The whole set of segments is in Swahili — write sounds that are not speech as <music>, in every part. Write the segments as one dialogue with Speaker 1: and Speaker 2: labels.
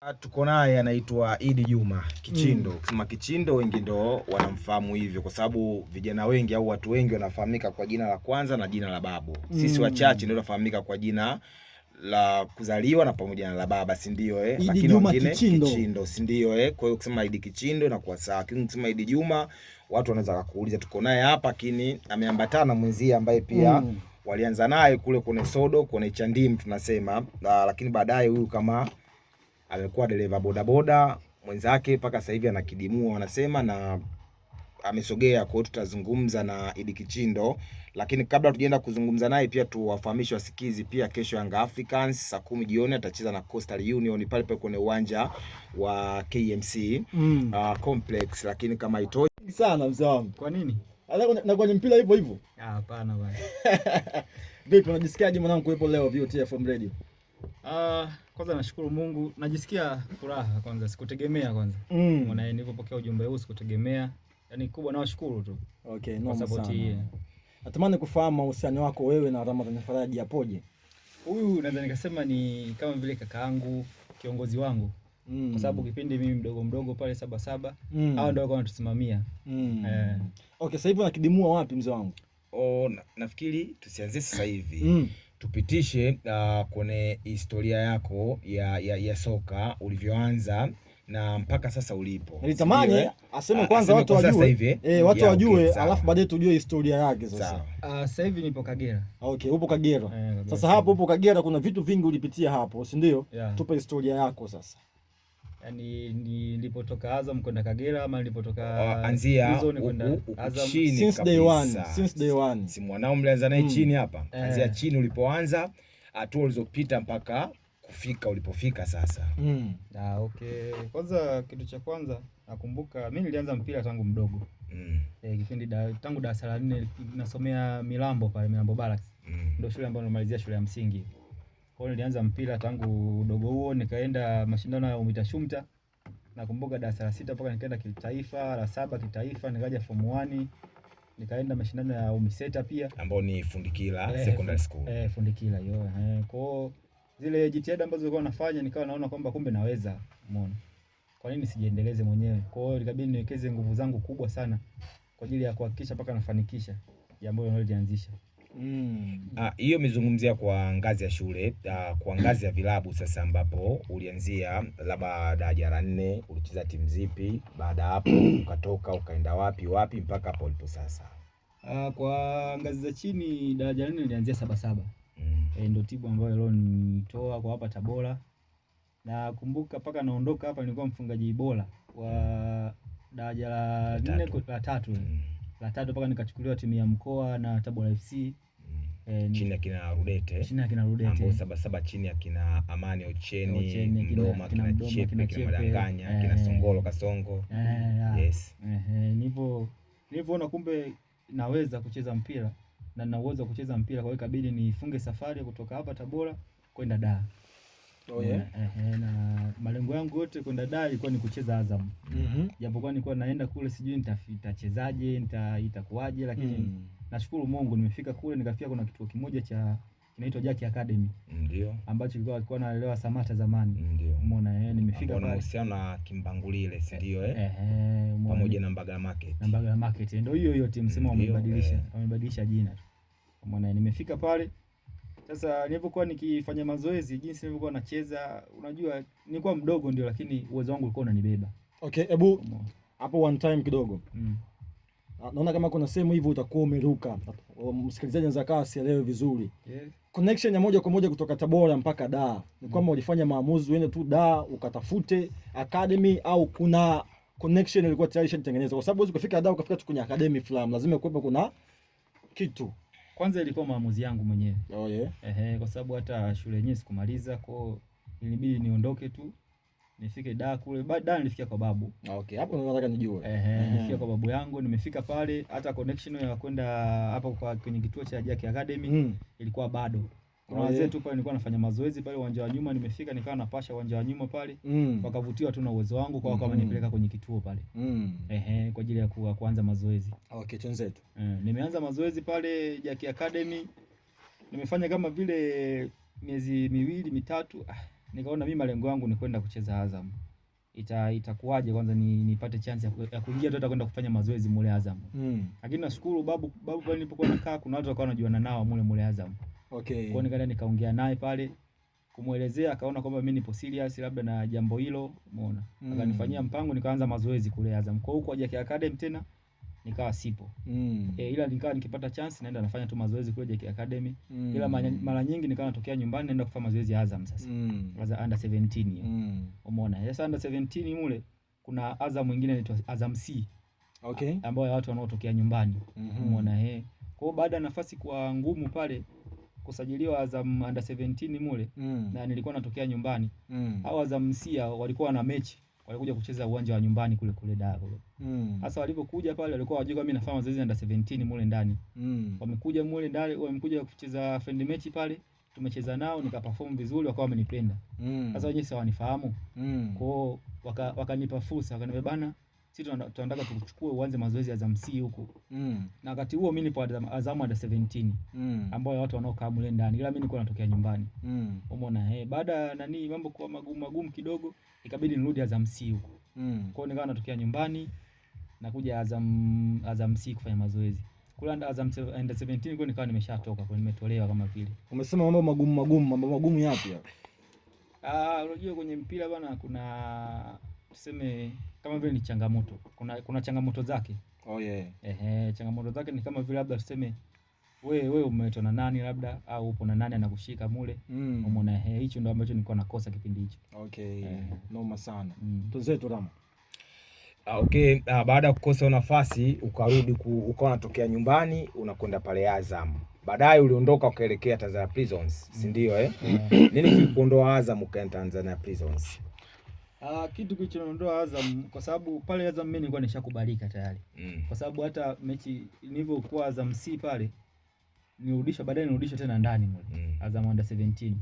Speaker 1: Ah, tuko naye anaitwa Idi Juma Kichindo. Kusema mm. Kichindo wengi ndo wanamfahamu hivyo kwa sababu vijana wengi au watu wengi wanafahamika kwa jina la kwanza na jina la babu. Sisi mm. wachache ndio tunafahamika kwa jina la kuzaliwa na pamoja na la baba, si ndio eh?
Speaker 2: Lakini wengine Kichindo, Kichindo
Speaker 1: si ndio eh? Kwa hiyo kusema Idi Kichindo na kwa sawa. Lakini kusema Idi Juma watu wanaweza kukuuliza. Tuko naye hapa lakini ameambatana mwenzie ambaye pia mm. walianza naye kule kwenye sodo kwenye chandim tunasema la, ah, lakini baadaye huyu kama amekuwa dereva bodaboda mwenzake mpaka sasa hivi anakidimua wanasema, na amesogea. Kwa hiyo tutazungumza na Idi Kichindo, lakini kabla tujaenda kuzungumza naye, pia tuwafahamishe wasikizi pia, kesho Young Africans saa kumi jioni atacheza na Coastal Union pale pale kwenye uwanja wa KMC mm. uh, complex. Lakini kama itoshi
Speaker 2: sana mzee wangu, kwa nini na kwenye mpira hivyo hivyo?
Speaker 3: Ah, hapana bwana.
Speaker 2: <laughs> Vipi, unajisikiaje mwanangu kuwepo leo VOTFM Radio?
Speaker 3: Ah, uh... Kwanza nashukuru Mungu, najisikia furaha kwanza, sikutegemea kwanza mm. Mwana yaani nilipopokea ujumbe huu sikutegemea, yani kubwa nawashukuru tu
Speaker 2: okay, kwa sana. hii. Natamani kufahamu uhusiano wako wewe na Ramadhani Faraji yapoje?
Speaker 3: Huyu naweza nikasema ni kama vile kakaangu, kiongozi wangu mm. kwa sababu kipindi mimi mdogo mdogo pale saba saba mm. hao ndio walikuwa wanatusimamia
Speaker 2: mm. eh. Okay, sasa hivi unakidimua wapi mzee wangu?
Speaker 1: Oh, na, nafikiri tusianzie sasa hivi mm tupitishe uh, kwenye historia yako ya, ya, ya soka ulivyoanza na mpaka sasa ulipo.
Speaker 2: Nilitamani aseme ah, kwanza watu wajue, eh, watu wajue alafu baadaye tujue historia yake sasa.
Speaker 3: Ah, sasa hivi nipo Kagera.
Speaker 2: Okay, upo Kagera. Eh, sasa hapo upo Kagera kuna vitu vingi ulipitia hapo, si ndio? Tupe historia yako sasa.
Speaker 3: Yani nilipotoka Azam kwenda Kagera ama nilipotoka ah, anzia kwenda Azam
Speaker 2: since day one,
Speaker 1: since day one. Si mwanao mlianza naye mm. chini hapa. Anzia eh. chini ulipoanza, hatua ulizopita mpaka kufika ulipofika sasa.
Speaker 2: Mm.
Speaker 3: Ah, okay. Kwanza kitu cha kwanza nakumbuka mimi nilianza mpira tangu mdogo. Mm. E, kipindi da, tangu darasa la 4 nasomea Milambo pale Milambo Barracks. Mm. Ndio shule ambayo nilimalizia shule ya msingi. Kwa hiyo nilianza mpira tangu udogo huo, nikaenda mashindano ya Umita Shumta nakumbuka darasa la sita mpaka nikaenda kitaifa, la saba kitaifa, nikaja form 1 nikaenda mashindano ya UMISETA pia
Speaker 1: ambao ni Fundikira eh, Secondary School.
Speaker 3: Eh, Fundikila eh. hiyo. Eh, kwao zile jitihada ambazo nilikuwa nafanya nikawa naona kwamba kumbe naweza, umeona. Kwa nini sijiendeleze mwenyewe? Kwa hiyo ikabidi niwekeze nguvu zangu kubwa sana kwa ajili ya kuhakikisha mpaka nafanikisha jambo nilianzisha.
Speaker 2: Mm.
Speaker 1: Ah, hiyo mm. kwa ngazi ya shule a, ah, kwa ngazi ya vilabu sasa, ambapo ulianzia labda daraja la nne, ulicheza timu zipi? Baada ya hapo <clears throat> ukatoka ukaenda wapi wapi mpaka hapo ulipo sasa?
Speaker 3: Uh, kwa ngazi za chini daraja la nne nilianzia Sabasaba mm. E, ndio timu ambayo nitoa kwa hapa Tabora. Nakumbuka mpaka naondoka hapa nilikuwa mfungaji bora wa daraja la nne la tatu mm. la tatu mpaka nikachukuliwa timu ya mkoa na Tabora FC.
Speaker 1: Eh, chini ya kina Rudete,
Speaker 3: chini ya kina Rudete,
Speaker 1: ambao saba saba chini ya kina Amani Ocheni, Ocheni Mdoma, kina, kina Chepe, kina, kina Madanganya eh. kina Songolo Kasongo
Speaker 3: eh, yes eh, eh nipo nilivyoona kumbe naweza kucheza mpira na na uwezo wa kucheza mpira, kwa hiyo ikabidi nifunge safari kutoka hapa Tabora kwenda Dar. Oh, yeah. eh, na malengo yangu yote kwenda Dar ilikuwa ni kucheza Azam. Mhm. Mm, japokuwa nilikuwa naenda kule sijui nitachezaje, nita itakuwaje lakini mm nashukuru Mungu nimefika kule, nikafika kuna kituo kimoja cha kinaitwa Jack Academy. Ndio. Ambacho kilikuwa kilikuwa anaelewa Samata zamani. Ndio. Umeona eh, nimefika kwa
Speaker 1: uhusiano na Kimbanguli ile, si ndio eh? Eh, pamoja na Mbagala Market.
Speaker 3: Na Mbagala Market ndio hiyo hiyo timu sema wamebadilisha, eh, wamebadilisha jina tu. Umeona nimefika pale. Sasa nilipokuwa nikifanya mazoezi, jinsi nilivyokuwa nacheza, unajua nilikuwa mdogo ndio, lakini uwezo wangu ulikuwa unanibeba.
Speaker 2: Okay, hebu hapo one time kidogo. Mm naona kama kuna sehemu hivyo utakuwa umeruka, msikilizaji anaweza kaa asielewe vizuri yeah. Connection ya moja kwa moja kutoka Tabora mpaka Dar ni kwamba ulifanya maamuzi uende tu Dar ukatafute academy au kuna connection ilikuwa tayari ishatengenezwa? Kwa sababu huwezi kufika Dar ukafika tu kwenye academy fulani, lazima kuwepo kuna kitu.
Speaker 3: Kwanza ilikuwa maamuzi yangu mwenyewe oh, yeah. Ehe, kwa sababu hata shule yenyewe sikumaliza, kwa ilibidi niondoke tu nifike da kule ba, da nilifikia kwa babu.
Speaker 1: Ah, okay, hapo ndio nataka nijue.
Speaker 3: Ehe, nilifikia kwa babu yangu, nimefika pale hata connection ya kwenda hapo kwa kwenye kituo cha Jack Academy mm. ilikuwa bado. Kuna oh, wazee tu pale nilikuwa nafanya mazoezi pale uwanja wa nyuma, nimefika nikawa napasha uwanja wa nyuma pale mm. wakavutiwa tu na uwezo wangu kwa kama mm nipeleka kwenye kituo pale mm. ehe, kwa ajili ya ku, kuanza mazoezi.
Speaker 1: Okay, twenzetu.
Speaker 3: Eh, nimeanza mazoezi pale Jack Academy. Nimefanya kama vile miezi miwili mitatu ah nikaona mimi malengo yangu ni kwenda kucheza Azam. Ita itakuwaje kwanza ni, nipate chance ya ya kuingia tu kwenda kufanya mazoezi mule Azam. Mm. Lakini nashukuru babu babu pale nilipokuwa nakaa kuna watu walikuwa wanajuana nao mule mule Azam. Okay. Kwa hiyo nikaenda nikaongea naye pale kumwelezea akaona kwamba mimi nipo serious labda na jambo hilo, umeona. Mm. Akanifanyia mpango nikaanza mazoezi kule Azam. Kwa huko aje Academy tena nikawa sipo mm. E, ila nikawa nikipata chance naenda nafanya tu mazoezi kule JK Academy mm. Ila mara nyingi nikawa natokea nyumbani naenda kufanya mazoezi ya Azam sasa mm. Azam under 17 mm. Umeona sasa, under 17 mule kuna Azam mwingine anaitwa Azam C okay, ambao watu wanaotokea nyumbani mm -hmm. Umeona eh, kwa baada ya nafasi kwa ngumu pale kusajiliwa Azam under 17 mule mm. na nilikuwa natokea nyumbani mm. au Azam C walikuwa na mechi walikuja kucheza uwanja wa nyumbani kule kule Dar kule. Mm. Sasa walipokuja pale walikuwa wajua mimi nafanya mazoezi na 17 mule ndani. Mm. Wamekuja mule ndani wamekuja kucheza friendly match pale. Tumecheza nao perform vizuri wakawa wamenipenda. Mm. Sasa mm. wenyewe si wanifahamu. Mm. Kwao wakanipa waka fursa wakaniambia bana si tunataka tuchukue uanze mazoezi ya zamsi huko mm. na wakati huo mi nipo Azamu ada 17 mm. ambao watu wanaokaa mle ndani, ila mi nilikuwa natokea nyumbani mm. umeona eh. Baada ya nani mambo kuwa magumu magumu kidogo, ikabidi nirudi Azamsi huko mm. kwao nikawa natokea nyumbani nakuja Azam Azamsi kufanya mazoezi kule Azam under 17 kwa nikawa nimeshatoka kwa nimetolewa kama vile.
Speaker 2: Umesema mambo magumu magumu, mambo magumu yapi hapo?
Speaker 3: Ah, unajua kwenye mpira bwana kuna tuseme kama vile ni changamoto kuna, kuna changamoto zake oh, yeah. Ehe, changamoto zake ni kama vile labda tuseme we we umeletwa na nani labda au upo na nani anakushika mule mm. Umeona, hicho ndo ambacho nilikuwa nakosa kipindi hicho.
Speaker 2: Okay, eh. Noma sana mm. Tuzetu Rama
Speaker 1: ah, Okay, ah, baada ya kukosa nafasi ukarudi ukawa unatokea nyumbani unakwenda pale Azam, baadaye uliondoka ukaelekea Tanzania Prisons, si mm. ndio eh? Yeah. Mm. Nini kilikuondoa Azam ukaenda Tanzania Prisons?
Speaker 3: Uh, kitu kilichoniondoa Azam kwa sababu pale Azam mimi nilikuwa nishakubalika tayari. Mm. Kwa sababu hata mechi nilivyokuwa Azam C pale nirudishwa baadaye nirudishwa tena ndani mule. Mm. Azam under 17.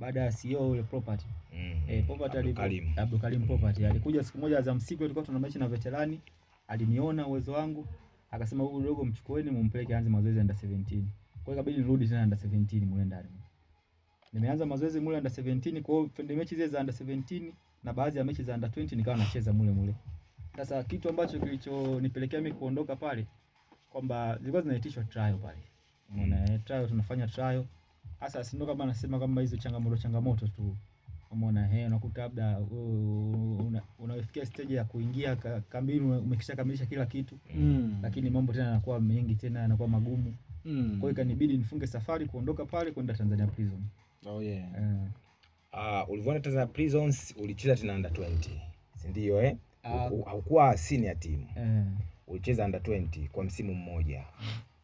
Speaker 3: Baada ya CEO yule property.
Speaker 1: Mm. Eh, property alikuwa
Speaker 3: Abdul Karim property. Mm. Alikuja siku moja Azam C tulikuwa tuna mechi na veterani, aliniona uwezo wangu, akasema huyu dogo mchukueni mumpeleke aanze mazoezi under 17. Kwa hiyo ikabidi nirudi tena under 17 mule ndani. Nimeanza mazoezi mule under 17, kwa hiyo mechi zile za under 17 na baadhi ya mechi za under 20 nikawa nacheza mule mule. Sasa kitu ambacho kilichonipelekea mimi kuondoka pale kwamba zilikuwa zinaitishwa trial pale. Umeona, mm. eh, trial tunafanya trial. Sasa sio kama nasema kama hizo changamoto changamoto tu. Umeona, eh, unakuta labda unafikia una stage ya kuingia kambini umekisha kamilisha kila kitu. Mm. Lakini mambo tena yanakuwa mengi tena yanakuwa magumu. Mm. Kwa hiyo ikanibidi nifunge safari kuondoka pale kwenda Tanzania Prison.
Speaker 1: Oh yeah. Uh, uh, ah, ulivyoenda Tanzania Prisons ulicheza tena under 20, si ndio eh? Ah. Haukuwa senior team. Eh. Ulicheza under 20 kwa msimu mmoja.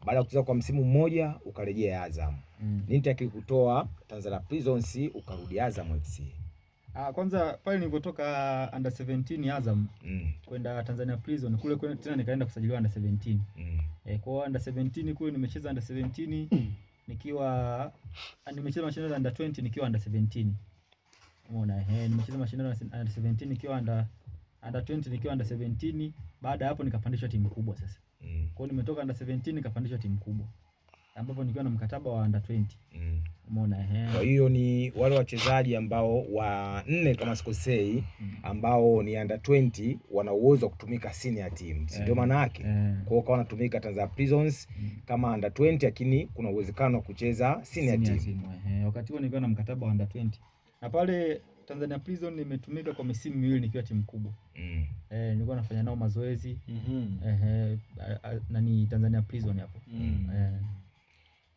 Speaker 1: Baada ya kucheza kwa msimu mmoja ukarejea Azam. Mm. Nini kilikutoa Tanzania Prisons ukarudi Azam FC?
Speaker 3: Ah, kwanza pale nilipotoka under 17 Azam mm. kwenda Tanzania Prison kule, kwenda tena nikaenda kusajiliwa under 17. Mm. Eh, kwa under 17 kule nimecheza under 17 mm. nikiwa ah, nimecheza mashindano ya under 20 nikiwa under 17. Umeona eh, nimecheza mashindano ya under 17 nikiwa under under 20 nikiwa under 17. Baada hapo nikapandishwa timu kubwa sasa. Mm. Kwa hiyo nimetoka under 17 nikapandishwa timu kubwa ambapo nikiwa na mkataba wa under 20.
Speaker 1: Mm. Umeona, eh. Kwa hiyo ni wale wachezaji ambao wa nne kama sikosei mm. ambao ni under 20 wana uwezo wa kutumika senior team. Si eh. ndio maana yake? Eh. Kwa hiyo wanatumika Tanzania Prisons mm. kama under 20 lakini kuna uwezekano wa kucheza senior, senior team.
Speaker 3: team. Eh. wakati huo nilikuwa na mkataba wa under 20. Na pale Tanzania Prison nimetumika kwa misimu miwili nikiwa timu kubwa. Mm. Eh, nilikuwa nafanya nao mazoezi. Mm -hmm. Eh, eh, nani Tanzania Prison hapo.
Speaker 1: Mm. Eh.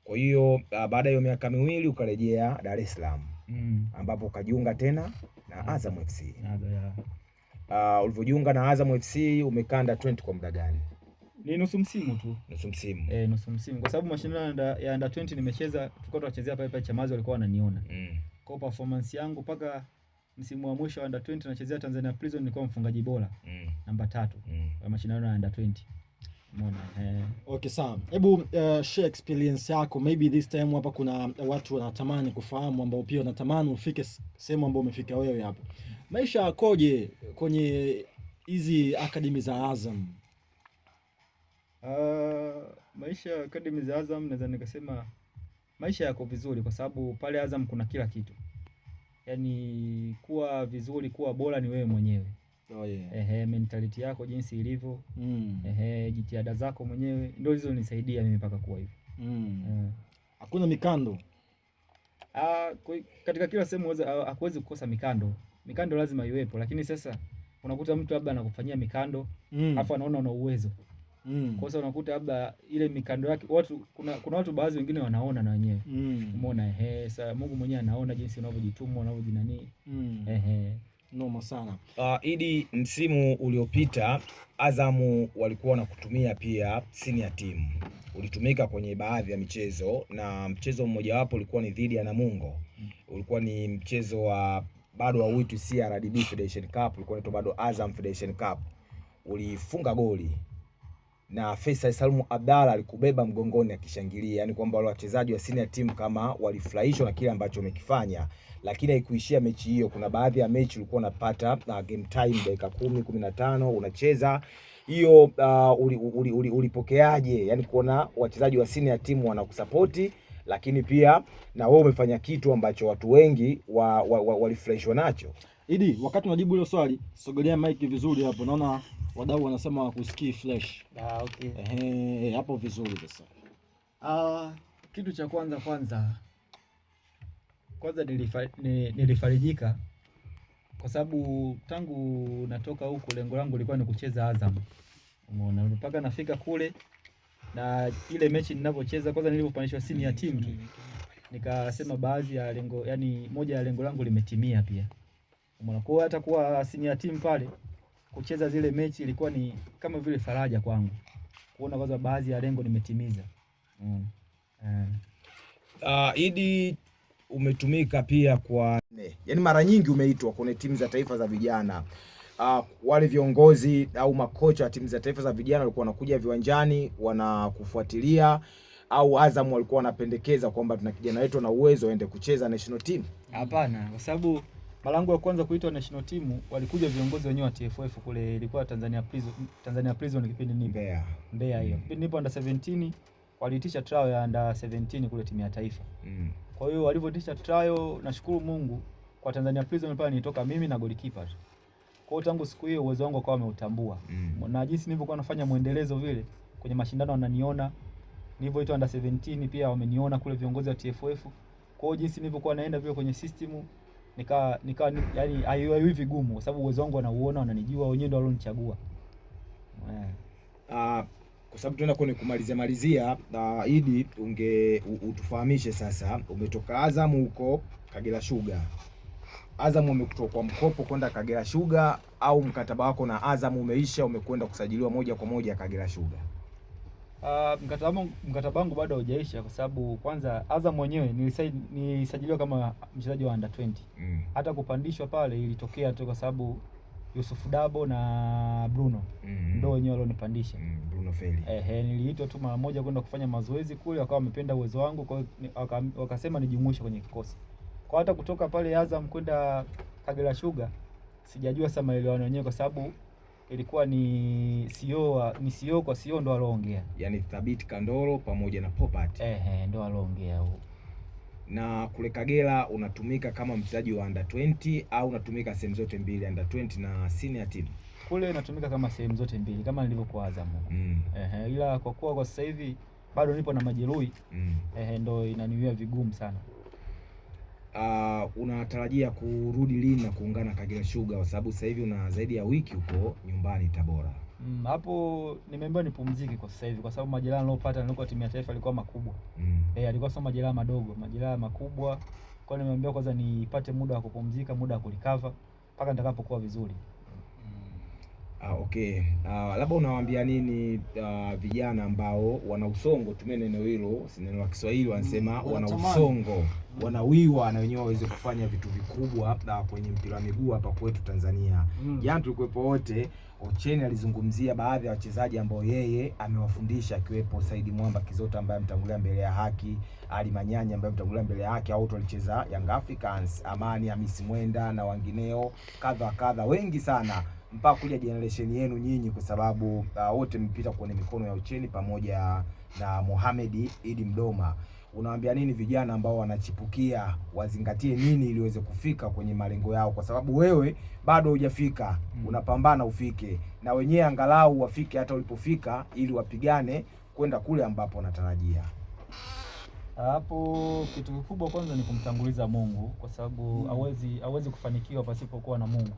Speaker 1: Kwa hiyo baada ya miaka miwili ukarejea Dar es Salaam. Mm. Ambapo ukajiunga tena na Azam FC. Uh, ulivyojiunga na Azam FC umekaa under 20 kwa muda gani?
Speaker 3: Ni nusu msimu tu.
Speaker 1: Nusu msimu.
Speaker 3: Eh, nusu msimu kwa sababu mashindano ya under 20 nimecheza, tulikuwa tunachezea pale pale Chamazi walikuwa wananiona. Mm kwa performance yangu mpaka msimu wa mwisho wa under 20 nachezea Tanzania Prison nilikuwa mfungaji bora mm. namba tatu mm. kwa mashindano ya under 20. Mwana, eh.
Speaker 2: Okay, sawa. Hebu uh, share experience yako. Maybe this time hapa kuna watu wanatamani kufahamu ambao pia wanatamani ufike sehemu ambayo umefika wewe hapo. Maisha yakoje kwenye hizi akademi za Azam?
Speaker 3: Uh, maisha ya akademi za Azam naweza nikasema maisha yako vizuri kwa sababu pale Azam kuna kila kitu. Yaani kuwa vizuri, kuwa bora ni wewe mwenyewe. Oh yeah. Ehe, mentality yako jinsi ilivyo. Mm. Ehe, jitihada zako mwenyewe ndio zilizonisaidia mimi mpaka kuwa hivyo.
Speaker 2: Mm. Eh. Hakuna mikando.
Speaker 3: Ah, katika kila sehemu hakuwezi kukosa mikando. Mikando lazima iwepo, lakini sasa unakuta mtu labda anakufanyia mikando, mm. Afu anaona una uwezo. Mm. Kwa sababu unakuta labda ile mikando yake watu kuna kuna watu baadhi wengine wanaona na wenyewe. Mm. Umeona ehe, sasa Mungu mwenyewe anaona jinsi unavyojituma unavyojinani. Mm. Ehe.
Speaker 2: Noma sana.
Speaker 1: Uh, Idi, msimu uliopita Azamu walikuwa kutumia pia senior team, ulitumika kwenye baadhi ya michezo na mchezo mmojawapo ulikuwa ni dhidi ya Namungo. Mm. ulikuwa ni mchezo wa bado hauitwi CRDB Federation Cup, ulikuwa unaitwa bado Azam Federation Cup. Ulifunga goli na Faisal Salum Abdalla alikubeba mgongoni akishangilia, yani kwamba wale wachezaji wa senior team kama walifurahishwa na kile ambacho wamekifanya, lakini haikuishia mechi hiyo. Kuna baadhi ya mechi ulikuwa unapata uh, game time dakika kumi, kumi na tano unacheza hiyo uh, ulipokeaje? Uli, uli, uli yani kuona wachezaji wa senior team wanakusapoti lakini pia na wewe umefanya kitu ambacho watu wengi wa, wa, wa, walifurahishwa nacho.
Speaker 2: Idi, wakati unajibu hilo swali, sogelea mike vizuri hapo, naona wadau wanasema wakusikii fresh. Ah, okay. Ehe, hapo vizuri sasa.
Speaker 3: Ah, kitu cha kwanza kwanza kwanza nilifa, nilifarijika kwa sababu tangu natoka huku lengo langu lilikuwa ni kucheza Azam. Umeona, mpaka nafika kule na ile mechi ninavyocheza, kwanza nilivyopandishwa senior team nikasema baadhi ya lengo, yani moja ya lengo langu limetimia pia. Umeona, kwa hiyo hata kuwa senior team pale kucheza zile mechi ilikuwa ni kama vile faraja kwangu kuona kwanza baadhi ya lengo nimetimiza.
Speaker 2: Mm. Mm. Uh, Idi umetumika pia kwa
Speaker 1: Yani mara nyingi umeitwa kwenye timu za taifa za vijana. Uh, wale viongozi au makocha wa timu za taifa za vijana walikuwa wanakuja viwanjani wanakufuatilia au Azam walikuwa wanapendekeza kwamba tuna kijana wetu na uwezo aende kucheza national team?
Speaker 3: Hapana, kwa sababu mara yangu ya kwanza kuitwa national team walikuja viongozi wenyewe wa TFF kule, ilikuwa Tanzania Prison, Tanzania Prison kipindi nipo Mbeya. Mbeya hiyo. Mm. Kipindi nipo under 17 waliitisha trial ya under 17 kule timu ya taifa. Mm. Kwa hiyo walivyotisha trial, nashukuru Mungu kwa Tanzania Prison pale nitoka mimi na goalkeeper Kwa hiyo tangu siku hiyo uwezo wangu akawa ameutambua. Mm. Na jinsi nilivyokuwa nafanya mwendelezo vile kwenye mashindano wananiona. Nilivyoitwa under 17 pia wameniona kule viongozi wa TFF. Kwa hiyo jinsi nilivyokuwa naenda vile kwenye system nika nika yaani haiwi vigumu kwa sababu uwezo wangu wanauona, wananijua wenyewe, ndio walionichagua eh.
Speaker 1: Uh, kwa sababu tunaenda kwenye kumalizia malizia, uh, Idi, unge utufahamishe sasa, umetoka Azamu huko Kagera Sugar. Azamu umekutoa kwa mkopo kwenda Kagera Sugar au mkataba wako na Azamu umeisha, umekwenda kusajiliwa moja kwa moja Kagera Sugar?
Speaker 3: Uh, mkataba wangu bado haujaisha kwa sababu kwanza Azam mwenyewe nilisajiliwa kama mchezaji wa under 20. Mm. Hata kupandishwa pale ilitokea tu kwa sababu Yusuf Dabo na Bruno mm. ndo wenyewe walionipandisha.
Speaker 1: Mm. Bruno Feli.
Speaker 3: Ehe, niliitwa tu mara moja kwenda kufanya mazoezi kule, wakawa wamependa uwezo wangu kwa waka, wakasema nijumuishe kwenye kikosi. Kwa hata kutoka pale Azam kwenda Kagera Sugar sijajua sasa maelewano yenyewe kwa sababu ilikuwa ni CEO ni CEO kwa CEO ndo aloongea,
Speaker 1: yani Thabit Kandoro pamoja na Popat
Speaker 3: ehe, ndo aloongea huo.
Speaker 1: Na kule Kagera unatumika kama mchezaji wa under 20 au unatumika sehemu zote mbili, under 20 na senior team?
Speaker 3: Kule unatumika kama sehemu zote mbili kama nilivyokuwa Azam mm. Ehe, ila kwa kuwa kwa sasa hivi bado nipo na majeruhi mm. Ehe, ndo inaniwia vigumu sana
Speaker 1: uh, unatarajia kurudi lini na kuungana Kagera Sugar, kwa sababu sasa hivi una zaidi ya wiki huko nyumbani Tabora?
Speaker 3: Mm, hapo nimeambiwa nipumzike kwa sasa hivi, kwa sababu majeraha niliyopata nilikuwa timu ya taifa alikuwa makubwa mm. Eh, alikuwa sio majeraha madogo, majeraha makubwa. Kwa nimeambiwa kwanza nipate muda wa kupumzika, muda wa kurecover mpaka nitakapokuwa vizuri.
Speaker 1: Ah, okay. Ah, labda unawaambia nini ah, vijana ambao wana usongo, tumia neno hilo, si neno la Kiswahili wanasema mm, wana usongo, mm. wanawiwa na wenyewe waweze kufanya vitu vikubwa hapa kwenye mpira wa miguu hapa kwetu Tanzania. Mm. Jana tulikuwepo wote, Ocheni alizungumzia baadhi ya wachezaji ambao yeye amewafundisha akiwepo Saidi Mwamba Kizota ambaye mtangulia mbele ya haki, Ali Manyanya ambaye mtangulia mbele ya haki, au walicheza Young Africans, Amani Hamisi Mwenda na wengineo kadha kadha wengi sana mpaka kuja generation yenu nyinyi, kwa sababu uh, wote mpita kwenye mikono ya Ucheni pamoja na Mohamed Idi Mdoma. Unawaambia nini vijana ambao wanachipukia wazingatie nini ili waweze kufika kwenye malengo yao? Kwa sababu wewe bado hujafika, hmm. unapambana ufike, na wenyewe angalau wafike hata ulipofika, ili wapigane kwenda kule ambapo wanatarajia.
Speaker 3: Hapo kitu kikubwa kwanza ni kumtanguliza Mungu, kwa sababu hmm. hawezi hmm, hawezi kufanikiwa pasipokuwa na Mungu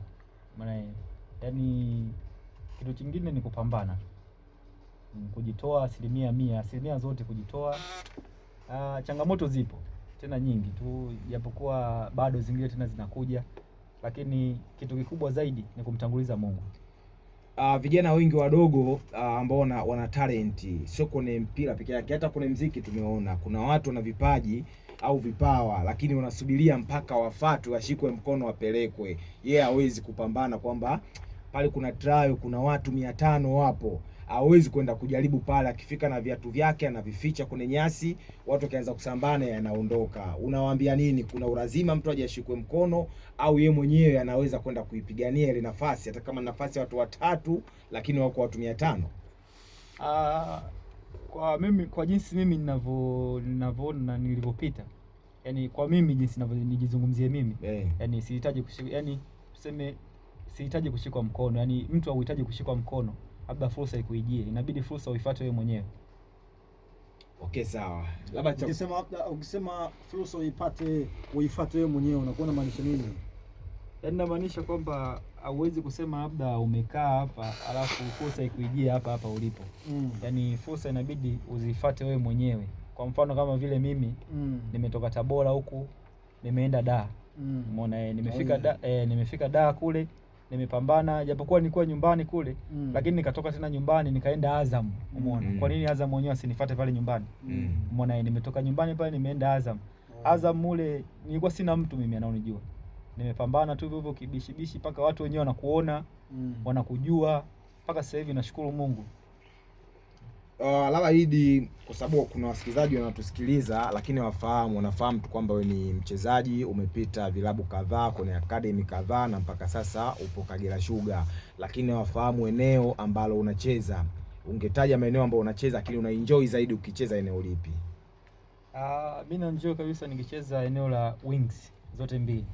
Speaker 3: maana Yaani kitu chingine ni kupambana, mm, kujitoa asilimia mia, asilimia zote kujitoa. Ah, changamoto zipo tena nyingi tu, japokuwa bado zingine tena zinakuja, lakini kitu kikubwa zaidi ni kumtanguliza Mungu.
Speaker 1: Uh, vijana wengi wadogo uh, ambao wana talenti sio kwenye mpira peke yake, hata kwenye mziki tumeona kuna watu wana vipaji au vipawa, lakini wanasubiria mpaka wafatu washikwe mkono, wapelekwe. Yeye yeah, hawezi kupambana kwamba pale kuna trial, kuna watu mia tano wapo, hawezi kwenda kujaribu pale. Akifika na viatu vyake anavificha kwenye nyasi, watu wakianza kusambana yanaondoka. Unawaambia nini? Kuna ulazima mtu ajashikwe mkono, au ye mwenyewe anaweza kwenda kuipigania ile nafasi, hata kama nafasi ya watu watatu, lakini wako watu mia tano.
Speaker 3: Uh, kwa mimi kwa jinsi mimi ninavyoona na nilivyopita, yani kwa mimi jinsi ninavyojizungumzia mimi yeah. Yani sihitaji kushika, yani tuseme sihitaji kushikwa mkono, yani mtu hauhitaji kushikwa mkono, labda fursa ikuijie, inabidi fursa uifuate wewe mwenyewe.
Speaker 1: Okay, sawa.
Speaker 2: Labda ukisema labda ukisema fursa uipate uifuate wewe mwenyewe unakuwa unamaanisha nini?
Speaker 3: Yaani namaanisha kwamba hauwezi kusema labda umekaa hapa alafu fursa ikuijie hapa hapa ulipo. Mm. Yaani fursa inabidi uzifuate wewe mwenyewe. Kwa mfano kama vile mimi mm. nimetoka Tabora huku nimeenda Dar. Mm. Umeona eh, nimefika yeah. Da, eh, nimefika Dar kule nimepambana japokuwa nilikuwa nyumbani kule mm. lakini nikatoka tena nyumbani nikaenda Azam. Umeona mm. kwa nini Azam wenyewe asinifuate pale nyumbani? Mm. Umeona eh, nimetoka nyumbani pale nimeenda Azam. Mm. Azam mule nilikuwa sina mtu mimi anaonijua, nimepambana tu hivyo kibishibishi mpaka watu wenyewe wanakuona mm. wanakujua mpaka sasa hivi nashukuru Mungu.
Speaker 1: Uh, ah, labda Idi, kwa sababu kuna wasikilizaji wanatusikiliza, lakini wafahamu wanafahamu tu kwamba wewe ni mchezaji, umepita vilabu kadhaa kwenye academy kadhaa na mpaka sasa upo Kagera Sugar, lakini wafahamu eneo ambalo unacheza. Ungetaja maeneo ambayo unacheza, lakini unaenjoy zaidi ukicheza eneo lipi?
Speaker 3: Uh, ah, mimi na enjoy kabisa nikicheza eneo la wings zote mbili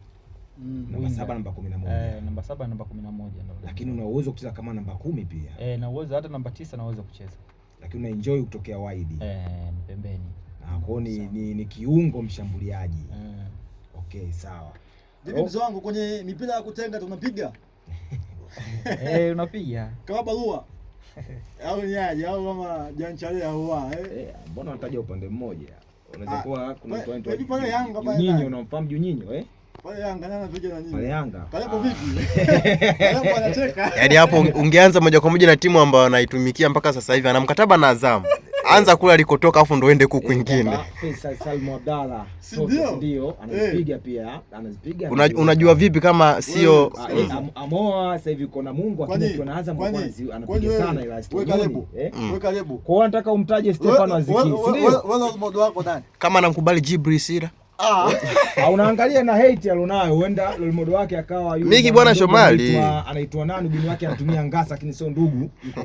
Speaker 1: Mm, namba 7 namba 11.
Speaker 3: Eh, namba 7 namba 11 ndio.
Speaker 1: Lakini una uwezo kucheza kama namba 10 pia.
Speaker 3: Eh, na uwezo hata namba 9 na uwezo kucheza
Speaker 1: lakini una enjoy kutokea wide
Speaker 3: eh, pembeni.
Speaker 1: Ah, kwa hiyo ni, ni, ni kiungo mshambuliaji eh. Okay, sawa
Speaker 2: Jimmy, mzee wangu kwenye mipira ya kutenga tunapiga
Speaker 3: <laughs> eh, unapiga
Speaker 2: kama barua <laughs> au nyaje au kama janchale au wa eh?
Speaker 1: eh, mbona unataja upande mmoja? Unaweza ah, kuwa kuna mtu anatoa nyinyi, unamfahamu juu nyinyi eh
Speaker 2: pale Yanga nani anapiga na Pale Yanga. Pale kwa vipi? anacheka.
Speaker 1: Yaani hapo ungeanza moja kwa moja na timu ambayo anaitumikia mpaka sasa hivi ana mkataba na Azam. Anza kule alikotoka afu ndo ende kuku kwingine.
Speaker 3: Faisal Abdalla. Ndio, anazipiga pia, anazipiga.
Speaker 1: Unajua vipi kama sio
Speaker 3: Amoa sasa hivi uko na Mungu na Azam anapiga sana ila sio.
Speaker 2: Weka lebo. Weka lebo.
Speaker 3: Kwa hiyo umtaje Stefano Aziki.
Speaker 1: Kama anamkubali Jibril
Speaker 3: Ah. <laughs> unaangalia na hate alionayo, huenda lolimodo wake akawa
Speaker 1: yule Miki bwana Shomali
Speaker 3: anaitwa nani, bini wake anatumia ngasa, lakini sio ndugu, yuko <laughs>